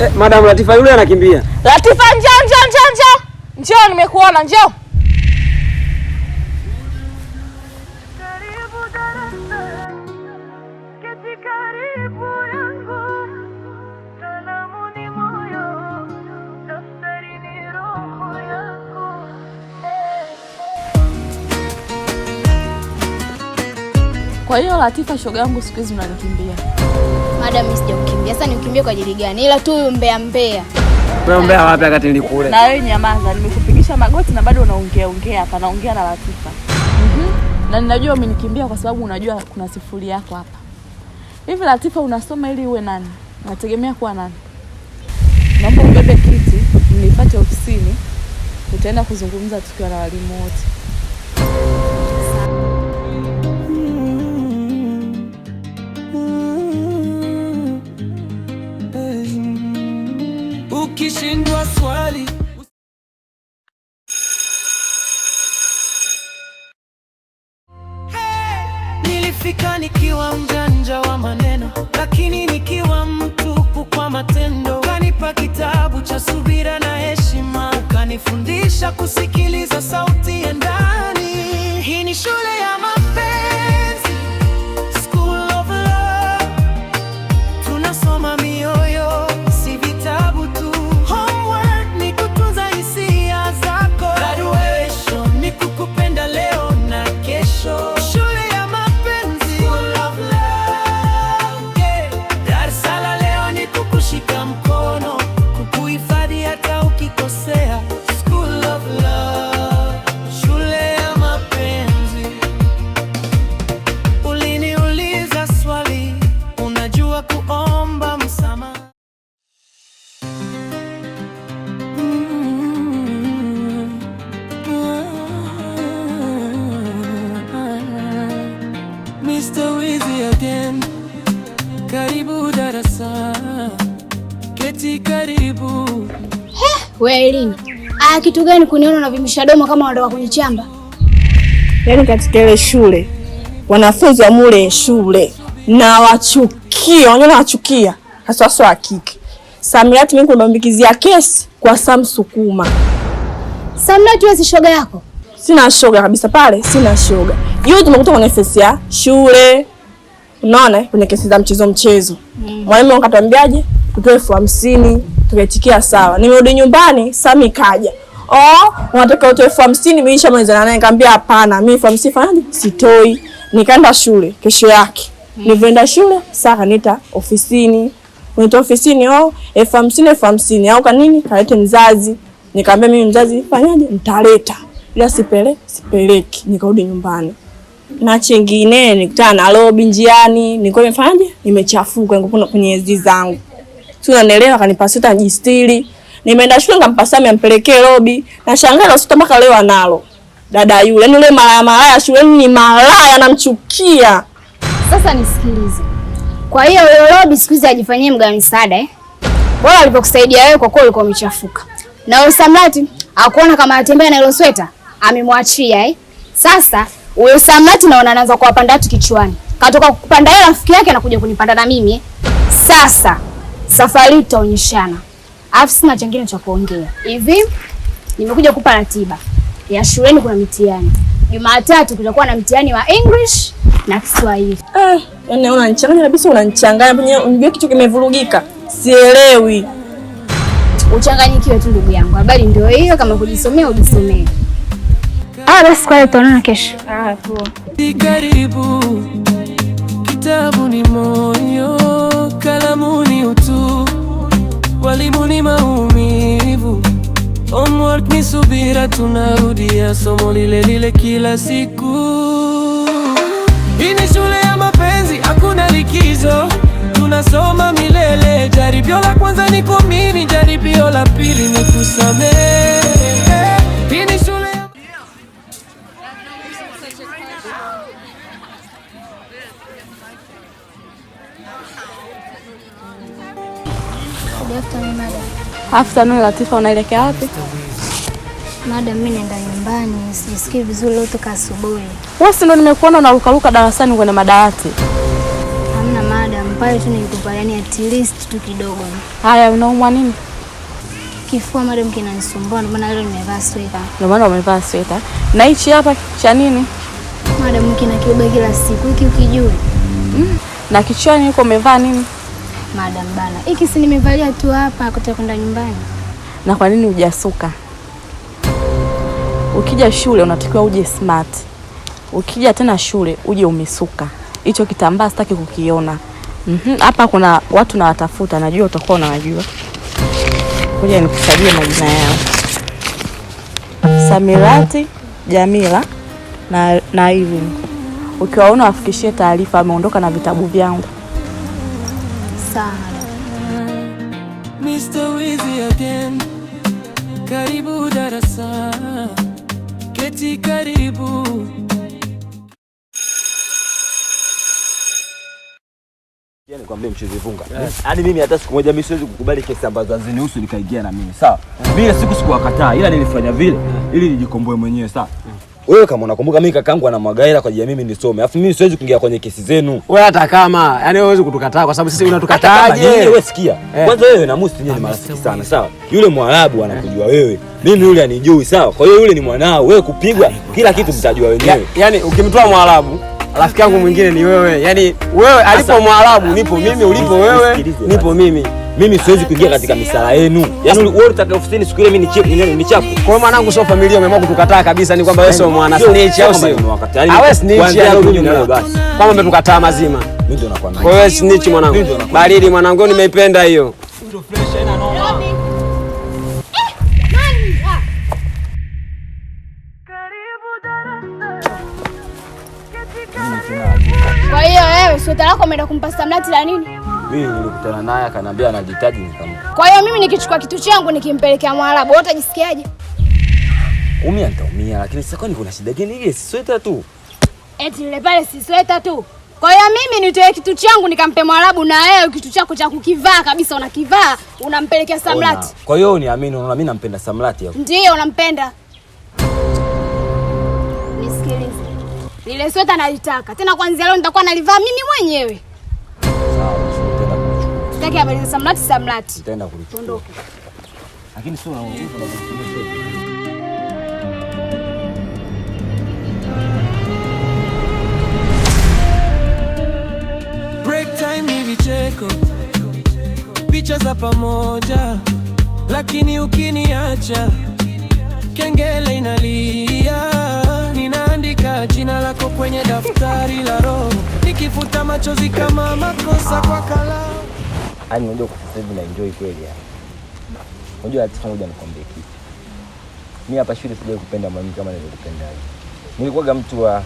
Eh, Madam Latifa yule anakimbia. Latifa njoo njoo njoo njoo. Njoo nimekuona njoo. Kwa hiyo Latifa, shoga yangu, siku hizi mnanikimbia mada sijakukimbia. Sasa niukimbie kwa ajili gani? Ila tu huyu mbea mbea. Wewe mbea wapi wakati nilikule? Na wewe nyamaza, nimekupigisha magoti na bado unaongea ongea hapa, naongea na Latifa. Mhm. Na ninajua umenikimbia kwa sababu unajua kuna sifuri yako hapa. Hivi Latifa, unasoma ili uwe nani? nategemea kuwa nani? Naomba ubebe kiti, nifuate ofisini. Utaenda kuzungumza tukiwa na walimu wote. ukishindwa swali hey! Nilifika nikiwa mjanja wa maneno, lakini nikiwa mtupu kwa matendo. Ukanipa kitabu cha subira na heshima, ukanifundisha kusikiliza sauti ya ndani. Hii ni shule ya mama. easy again. karibu darasa, keti karibu. We Elini, aya kitu gani kuniona na domo kama wandoka kwenye chamba? Yaani katika ile shule wanafunzi wa mule shule na wachukia, wanyona wachukia Haswaso hasa wa kike. mimi kunambikizia kesi kwa Sam Sukuma. Samirati wewe si shoga yako? Sina shoga kabisa pale, sina shoga juu tumekuta kwenye kesi ya shule, unaona kwenye kesi za mchezo mchezo, mm. mwalimu mm. akatuambiaje tutoe elfu hamsini tukaitikia sawa. Nimerudi nyumbani, Sami kaja oh, unataka utoe elfu hamsini Miisha malizana naye, nikamwambia hapana, mimi elfu hamsini fanyaje, sitoi. Nikaenda shule kesho yake mm. nivyoenda shule saa kanita ofisini Unitoa ofisini oh, elfu hamsini elfu hamsini au kanini kalete mzazi. Nikamwambia mimi mzazi fanyaje, nitaleta ila sipele sipeleki. Nikarudi nyumbani na chingine nikutana na lobi njiani, nilikuwa nimefanyaje, nimechafuka nilikuwa kwenye hizi zangu, tu, unanielewa? Akanipa sweta najistiri, nimeenda shule ngampasa Sami ampelekee lobi. Nashangaa na sita mpaka leo analo dada yule, yani yule malaya malaya shuleni yaani ni malaya, namchukia. Sasa nisikilize, kwa hiyo yule lobi siku hizi ajifanyie mganga misaada eh? Bora alipokusaidia wewe kwa kuwa ulikuwa umechafuka, na yule Samlati akuona kama anatembea na ile sweta amemwachia eh? Sasa Uwe samati na wanaanza kuwapanda watu kichwani. Katoka kupanda yeye rafiki yake anakuja kunipanda na mimi. Eh. Sasa safari tutaonyeshana. Alafu sina chengine cha kuongea. Hivi nimekuja kupa ratiba ya shuleni, kuna mitihani Jumatatu, kutakuwa na mtihani wa English na Kiswahili. Eh, yaani unanichanganya kabisa, unanichanganya. Unajua kitu kimevurugika. Sielewi. Uchanganyikiwe tu ndugu yangu. Habari ndio hiyo, kama kujisomea ujisomee. Ah, basi kwale tutaonana kesho. Ah, poa. Karibu. Kitabu ni moyo, kalamu ni utu, walimu ni maumivu, homework ni subira, tunarudia somo lile lile kila siku. Hii ni shule ya mapenzi, hakuna likizo, tunasoma milele. Jaribio la kwanza ni kuamini, jaribio la pili ni kusamehe. Hii ni shule Afternoon Latifa, unaelekea wapi? Madam, mimi naenda nyumbani, sijisikii vizuri leo toka asubuhi. Wewe si ndo nimekuona unarukaruka darasani kwenye madawati? Hamna madam, pale tu nilikupa, yani at least tu kidogo. Haya, unaumwa nini? Kifua madam kinanisumbua, ndio maana leo nimevaa sweta. Ndio maana umevaa sweta. Na hichi hapa cha nini? Madam, kinakiuba kila siku hiki ukijui. Mm. Na kichwani huko umevaa nini? Madam bana, hiki si nimevalia tu hapa kutoka kwenda nyumbani. Na kwa nini hujasuka? Ukija shule unatakiwa uje smart, ukija tena shule uje umesuka. Hicho kitambaa sitaki kukiona Mm-hmm, kuna watu nawatafuta, najua utakuwa unawajua. Kuja nikusajie majina yao, Samirati, Jamila na, na Irene. Ukiwaona wafikishie taarifa, ameondoka na vitabu vyangu sana. Mr. Wizzy again, karibu darasa, keti karibu. Yaani kwambie mchezi vunga. Yaani mimi hata siku moja mimi siwezi kukubali kesi ambazo azinihusu nikaingia na mimi. Sawa. Mimi siku sikuwakataa ila nilifanya vile ili nijikomboe mwenyewe, sawa? Wewe kama unakumbuka mimi kakaangu magaira kwa ajili ya mimi nisome. Alafu mimi siwezi kuingia kwenye kesi zenu. Wewe hata kama, yani wewe huwezi kutukataa kwa sababu sisi unatukataaje? Wewe sikia. Eh. Kwanza wewe na Musi nyenye marafiki sana, sawa? Yule Mwarabu anakujua wewe. Mimi yule anijui, sawa? Kwa hiyo yule ni mwanao, wewe kupigwa kila kitu mtajua wenyewe. yani ukimtoa Mwarabu rafiki yangu mwingine ni wewe. Yani wewe alipo Mwarabu nipo mimi, ulipo wewe nipo mimi. Mimi siwezi kuingia katika misala yenu. Yaani wewe utaka ofisini siku ile mimi ni nini ni chapo. Kwa mwanangu sio familia umeamua kutukataa kabisa ni kwamba wewe sio mwana snitch au sio? wewe yaani, snitch ya rudi ndio basi. Kama umetukataa mazima. Mimi ndio nakwambia. Kwa hiyo wewe snitch mwanangu. Baridi mwanangu nimeipenda hiyo. Eh, kwa hiyo wewe sio talako umeenda kumpa samlati la nini? mimi nilikutana naye akaniambia anajitaji nikampa. Kwa hiyo mimi nikichukua kitu changu nikimpelekea Mwarabu, wewe utajisikiaje? Umia nitaumia, lakini sasa kwani kuna shida gani? Ile si sweta tu, eti ile pale si sweta tu. Kwa hiyo mimi nitoe kitu changu nikampe Mwarabu na wewe kitu chako cha kukivaa kabisa unakivaa unampelekea Samlati. Kwa hiyo uniamini, unaona mimi nampenda Samlati hapo. Ndio unampenda. Nisikilize. Lile sweta nalitaka. Tena kwanza leo nitakuwa nalivaa mimi mwenyewe. Sitaki habari za samlati samlati. Nitaenda Lakini sio Break time ni vicheko, picha za pamoja, lakini ukiniacha kengele inalia, ninaandika jina lako kwenye daftari la roho, nikifuta machozi kama makosa kwa kalamu. Yaani unajua kwa sasa hivi na enjoy kweli yani. Unajua hata ngoja nikwambie kitu. Mimi hapa shule sijawahi kupenda mwanamke kama nilivyopenda yeye. Nilikuwaga mtu wa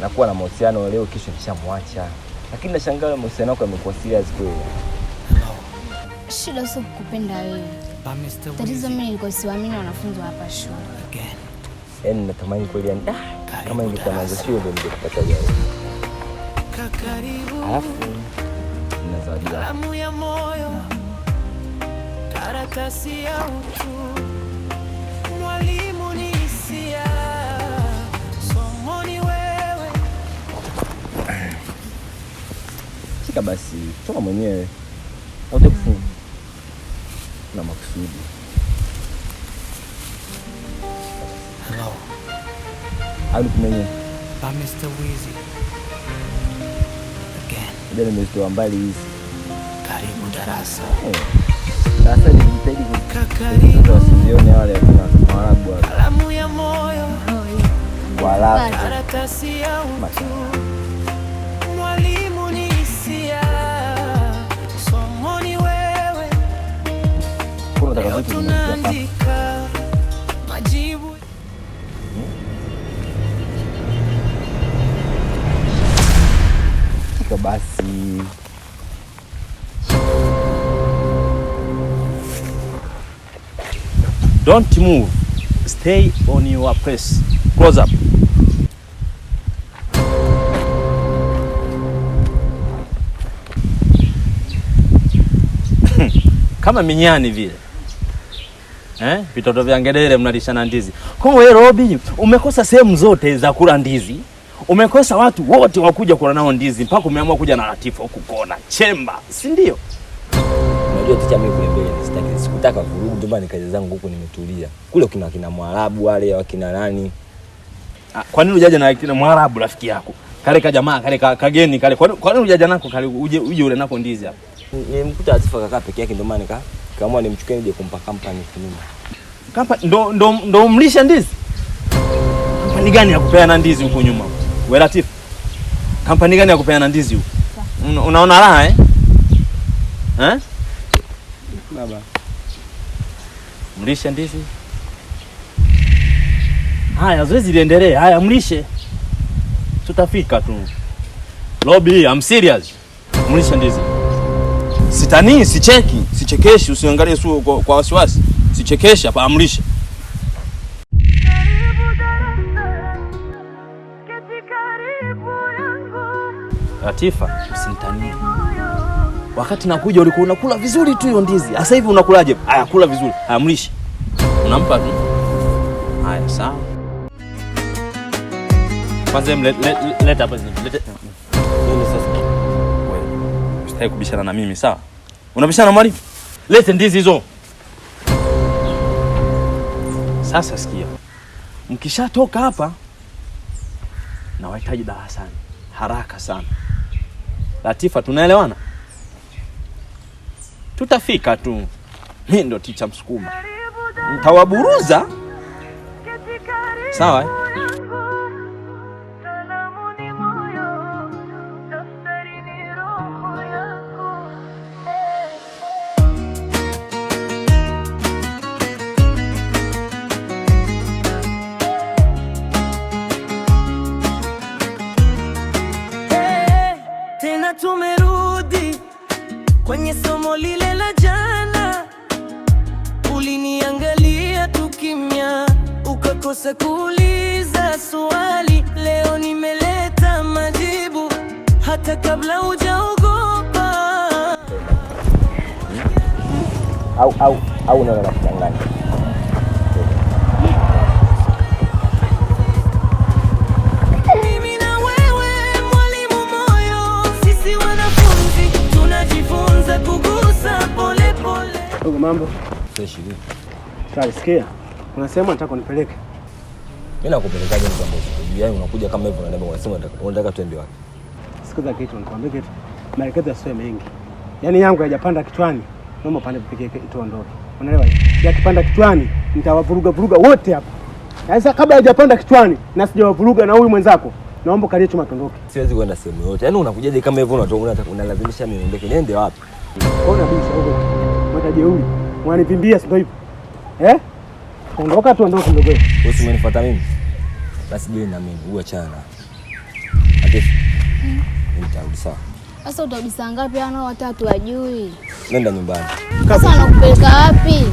nakuwa na mahusiano leo kesho nishamwacha. Lakini nashangaa ile mahusiano yako yamekuwa serious kweli. Shida sio kukupenda wewe. Tatizo mimi nilikuwa siwaamini wanafunzi hapa shule. Again. Yaani natamani kweli yani ah, kama nilikuwa naanza shule ndio ningekupata wewe. Alafu Kalamu ya moyo, karatasi ya utu, mwalimu ni hisia, somo ni wewe. Shika basi, toka mwenyewe autefu na makusudi. Hello. Mr. Wizzy. Again. mbali hizi. Karibu darasa. Darasa nilijitahidi kukaribu wasizione wale Waarabu wale. Kalamu ya moyo. Waarabu. Karatasi ya utu. Mwalimu ni hisia. Somo ni wewe. Kuna tatizo tunaandika. Majibu basi Don't move. Stay on your place. Close up. Kama minyani vile eh? Vitoto vya ngedere mnalishana ndizi. Kwa hiyo wewe Robi, umekosa sehemu zote za kula ndizi, umekosa watu wote wakuja kula nao ndizi, mpaka umeamua kuja na Latifa huku kona chemba, si ndio? Unajua ticha mimi kule mbele sitaki sitaka kurudi, ndio maana nikaja zangu huku nimetulia. Kule kuna kina Mwarabu wale wakina nani. Ah, kwa nini ujaje na kina Mwarabu rafiki yako? Kale ka jamaa kale ka kageni kale. Kwa nini ujaje nako kale uje uje ule nako ndizi hapo? Nimkuta Azifa kaka peke yake, ndio maana nika kaamua nimchukue nije kumpa company kinini. Kapa ndo ndo ndo umlisha ndizi. Kampani gani ya kupea na ndizi huko nyuma? Wewe Latif. Kampani gani ya kupea na ndizi huko? Unaona raha eh? Eh? Baba mlishe ndizi. Haya, zoezi liendelee. Haya, mlishe, tutafika tu. Lobby, I'm serious. Mlishe ndizi. Sitanii, sicheki, sichekeshi, usiangalie su kwa, kwa wasiwasi. sichekesha pa, amlishe. Latifa, usinitanie. Wakati nakuja ulikuwa unakula vizuri tu hiyo ndizi. Sasa hivi unakulaje? Haya, kula vizuri. Haya, mlishi. Unampa tu. Haya, sawa. Kwanza mleta hapa zini. Leta. Ndio sasa? Wewe usitaki kubishana na mimi, sawa? Unabishana na mwalimu? Lete ndizi hizo. Sasa sikia. Mkishatoka hapa nawahitaji darasani haraka sana. Latifa, tunaelewana? tutafika tu. Mi ndo ticha Msukuma, ntawaburuza sawa. Usikose kuuliza swali, leo nimeleta majibu hata kabla hujaogopa. Au au au, naona nakudanganya. na wewe, mwalimu moyo, sisi wanafunzi tunajifunza kugusa Mambo fresh Sasa sikia, kuna sehemu nataka kunipeleke mimi nakupelekaje Mzambozi? Yaani unakuja kama hivyo unaniambia unasema unataka twende wapi? Sikuza kitu nikwambia kitu. Maelekezo yasiwe mengi. Yaani yangu hayajapanda kichwani. Naomba pande pekee yake tuondoke. Unaelewa? Yakipanda kichwani nitawavuruga vuruga wote hapa. Yaani sasa kabla hajapanda kichwani na sijawavuruga na huyu mwenzako. Naomba kalie chuma tondoke. Siwezi kwenda sehemu yote. Yaani unakujaje kama hivyo unataka unalazimisha mimi niondoke. Niende wapi? Ona bisha huko. Mtajeuri. Mwanipimbia sio hivyo? Eh? Ondoka tuondoke ndugu. Usimenifuata mimi. Basi jili na mimi uwe chana. Hmm. Nitarudi sawa. Sasa utarudi saa ngapi? Ana watatu wajui. Nenda nyumbani. Sasa anakupeleka wapi?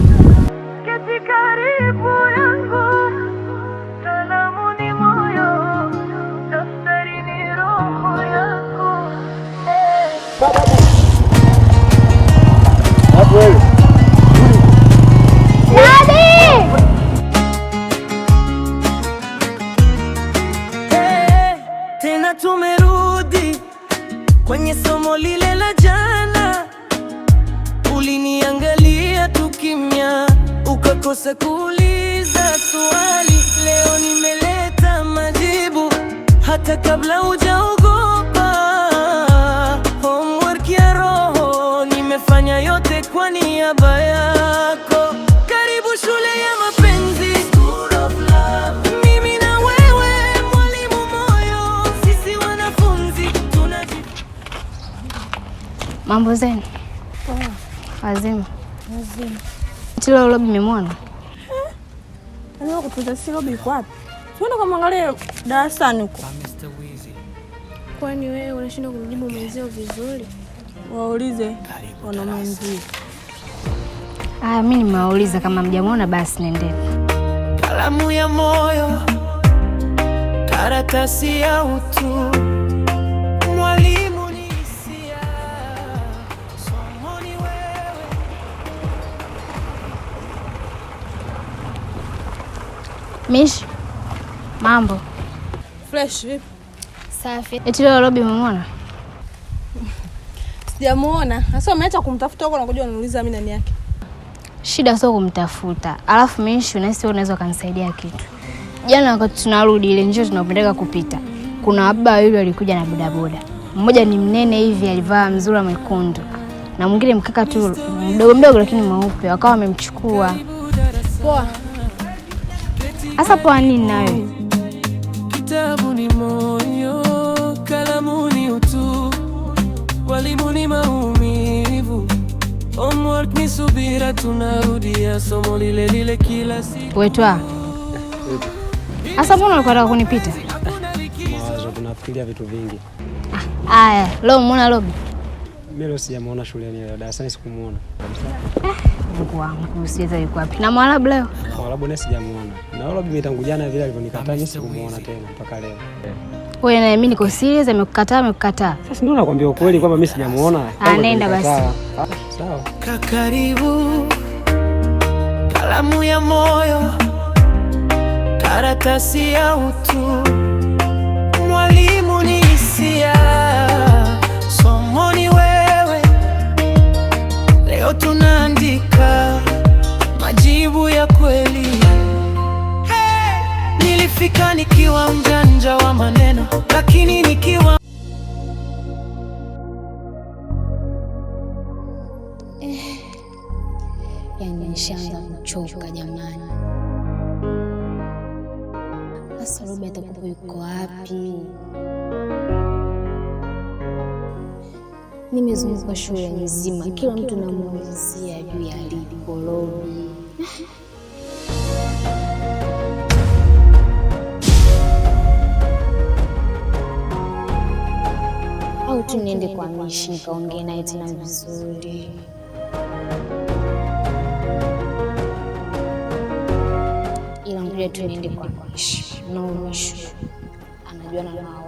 tumerudi kwenye somo lile la jana. Uliniangalia tu kimya, ukakosa kuuliza swali. Leo nimeleta majibu hata kabla hujaogopa. Homework ya roho nimefanya yote kwa niaba yako. Mambo zenu? Oh. Wazima. Wazima. Tilo Robi memwona? Ana eh, si Robi yuko wapi? Tuende kumwangalia darasani huko. Ah, Kwani wewe unashindwa kumjibu mwenzio vizuri? Waulize wanamwenzio. Ah, mimi nimewauliza kama mjamwona basi nendeni. Kalamu ya moyo, karatasi ya utu Mish, mambo fresh? Vipi? Safi. Eti leo Robi umemwona? Sijamuona. Sasa umeacha kumtafuta huko na kuja mimi nani yake? Shida sio kumtafuta, alafu Mish, unahisi wewe unaweza ukanisaidia kitu? Jana wakati tunarudi ile njia tunapendeka kupita, kuna wababa wawili walikuja na bodaboda, mmoja ni mnene hivi alivaa mzura mwekundu na mwingine mkaka tu mdogo mdogo, lakini mweupe, wakawa wamemchukua. Poa. Hasa pwani nayo. Kitabu ni moyo, kalamu ni utu, walimu ni maumivu, homework ni subira, tunarudia somo lile lile kila siku. Wetwa. Hasa mbona ulikuwa unataka kunipita? Mawazo, tunafikiria vitu vingi. Ah, Aya, lo, mbona lobi mimi sijamuona shuleni leo, darasani sikumuona. Mungu wangu, siweza yuko wapi? Na Mwarabu leo? Mwarabu naye sijamuona. Na wala bibi tangu jana vile alivyonikataa mimi sikumuona tena mpaka leo. Wewe na mimi niko serious, amekukataa amekukataa. Sasa ndio nakwambia ukweli kwamba mimi sijamuona. Ah, nenda basi. Ah, sawa. Kakaribu kalamu ya moyo karatasi ya utu mwalimu ni hisia Leo tunaandika majibu ya kweli. Hey! Nilifika nikiwa imezunguka shule nzima, kila mtu namuulizia juu ya alipo Robi. au tu niende kwa Mishi nikaongee naye tena vizuri. Ila ngoja tu niende kwa Mishi, naomeshu anajua na